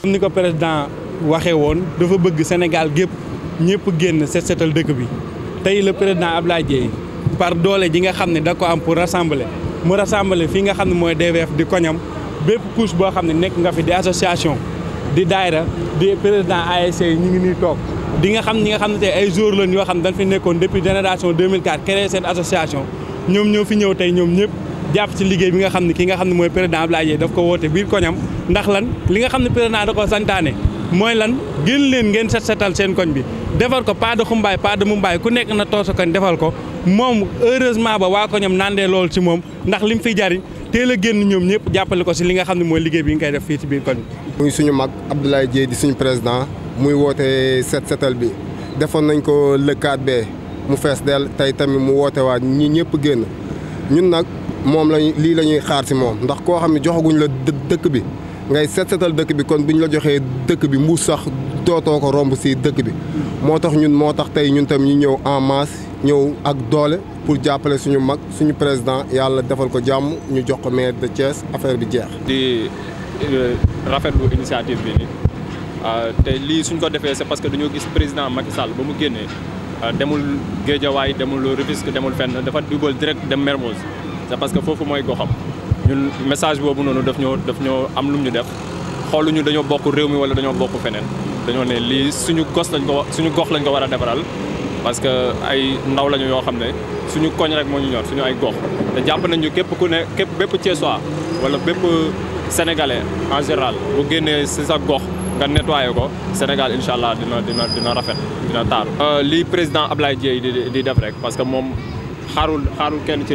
comme ni ko président waxee woon dafa bëgg Sénégal gépp ñëpp génn set setal dëkk bi tey le président Abdoulaye Dièye par doole ji nga xam ne da ko am pour rassembler mu rassembler fii nga xam ne mooy DVF di koñam bépp couche boo xam ne nekk nga fi di association di daayra di président ASC ñu ngi nii toog di nga xam ñi nga xam ne tey ay jour yoo xam ne dañ fi nekkoon depuis génération 2004 créé seen association ñoom ñoo fi ñëw tey ñoom ñëpp jàpp ci liggéey bi nga xam ne ki nga xam ne mooy président Abdoulaye daf ko woote biir koñam ndax lan li nga xam ne président da ko santaane mooy lan gën leen ngeen set setal seen koñ bi defal ko pas de xumbaay pas de mumbaay nekk na toosa koñ defal ko moom heureusement ba waa koñam nandee lool ci moom ndax lim fi jariñ teel a génn ñoom ñëpp jàppale ko si li nga xam ne mooy liggéey bi nga koy ci biir koñ bi muy suñu mag Abdoulaye Dièye di suñu président muy woote set setal bi defoon nañ ko le 4 mu fees del tey tamit mu woote waat ñii ñëpp génn ñun nag moom lañu lii la ñuy xaar si moom ndax koo xam ne joxaguñ la dëkk bi ngay seet seetal dëkk bi kon bu ñu la joxee dëkk bi mbuus sax dootoo ko romb si dëkk bi. moo tax ñun moo tax tey ñun tam ñu ñëw en masse ñëw ak doole pour jàppale suñu mag suñu président yàlla defal ko jàmm ñu jox ko maire de Thiès affaire bi jeex. di euh, rafetlu initiative bi ni euh, te lii suñ ko defee c'est parce que dañoo gis président Macky Sall ba mu génnee euh, demul Guédiawaye demul Rufisque demul fenn dafa dugal direct dem Mermoz. c'est parce que foofu ñun message bobu nonu daf ñoo daf ñoo am def dañoo wala dañoo dañoo ne suñu lañ ko suñu gox lañ ko parce que ay ndaw lañu nous suñu koñ rek Nous ñor suñu ay gox Nous japp képp ku ne képp gox nga nettoyé ko Sénégal Nous euh, président Ablaye di def rek parce que kenn ci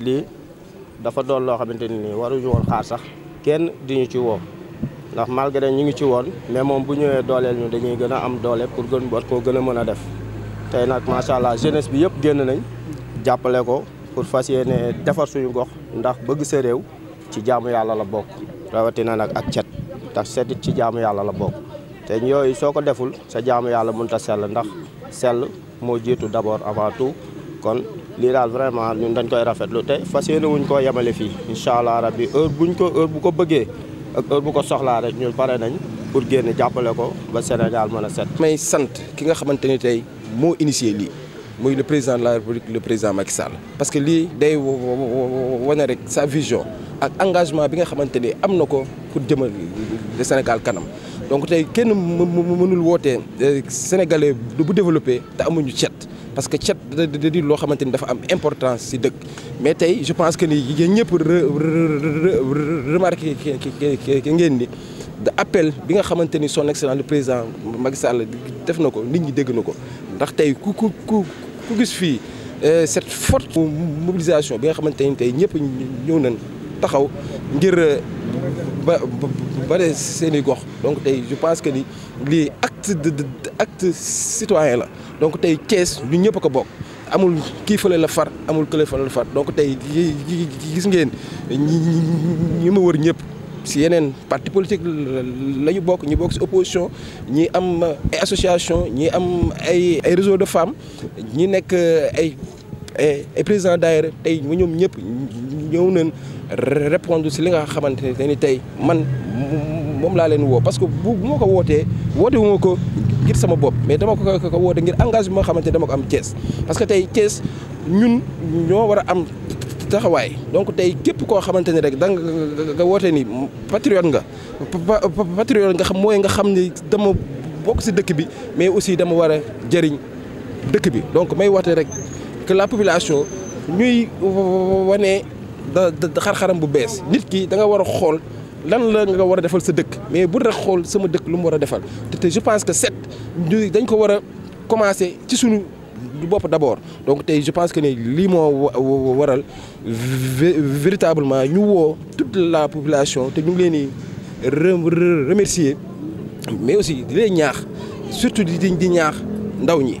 li dafa doon loo xamante ni nii waruñu woon xaar sax kenn di ñu ci woo ndax malgré ñu ngi ci woon mais moom bu ñëwee dooleel ñu dañuy gën a am doole pour gën war koo gën a mën a def tey nag macha allah jeunesse bi yëpp génn nañ jàppale ko pour fas yéene defar suñu gox ndax bëgg sa réew ci jaamu yàlla la bokk rawatina nag ak cet ndax setit ci jaamu yàlla la bokk te yooyu soo ko deful sa jaamu yàlla mënut ta sell ndax sell moo jiitu d'abord avant tout kon lii daal vraiment ñun dañ koy rafetlu te fas yéene wuñ koo yemale fii incha rabbi heure buñ ko heure bu ko bëggé ak heure bu ko soxla rek ñun paré nañ pour génn jappalé ko ba Sénégal mëna sét may sante ki nga xamante tay mo moo initié lii muy le président de la République le président Macky Sall parce que li day wone rek sa vision ak engagement bi nga xamante ni ko pour jëmal le Sénégal kanam donc tay kenn mënul woté euh, sénégalais bu développer té amuñu cet parce que cet de di loo xamante ni dafa am importance ci deuk mais tay je pense que ni ñepp remarquer ngeen ni da appel bi nga xamanteni son excellent le président Macky Sall def nako nit ñi dégg nako ndax tay ku ku ku ku gis fii euh, cette forte mobilisation bi nga xamanteni tay ñepp ñew nañ taxaw ngir euh, ba donc je pense que les actes acte de acte citoyen la donc tey ñu ñëpp a ko bokk amul kii fële la far amul kële far donc tey gis wër ñëpp si parti politique la ñu bokk ñu bokk si opposition ñi association ñi réseau de femmes ñi ay et et président daayira tey mu ñoom ñëpp ñëw nañ répondre si li nga xamante ne tey man moom laa leen woo parce que bu moo ko wootee woote wu ma ko ngir sama bopp mais dama ko ko woote ngir engagement nga xamante ne dama am Thiès parce que tey Thiès ñun ñoo war a am taxawaay donc tey képp koo xamante ne rek da nga nga woote ni patriote nga patriote nga xam mooy nga xam ni dama bokk si dëkk bi mais aussi dama war a jëriñ dëkk bi donc may woote rek que la population ñuy wone da xar-xaram bu bees nit ki da nga war a xool lan la nga war a defal sa dëkk mais bu rek xool sama dëkk lu mu war a defal te je pense que set ñu dañ ko war a commencer ci suñu bopp d'abord donc tey je pense que ne lii moo waral véritablement ñu woo toute la population te ñu ngi leen di remercier mais aussi di leen ñaax surtout di di ñaax ndaw ñi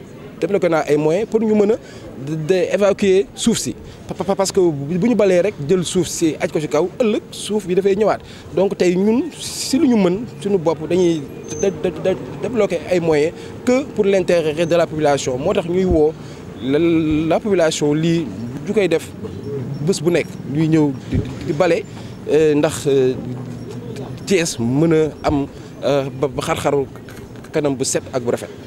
débloqué naa ay moyens pour nous mener de évacuer parce que bu ñu balee rek jël à si aj ko ci kaw de suuf bi dafay ñëwaat donc t'as ñun si lu ñu mën suñu pour dañuy débloqué ay moyens que pour l'intérêt de la population moo tax ñuy la population lit du coup def bés bu nekk ñuy ñëw di bale euh, ndax euh, Thiès mën am euh, xar-xaru kanam bu set ak bu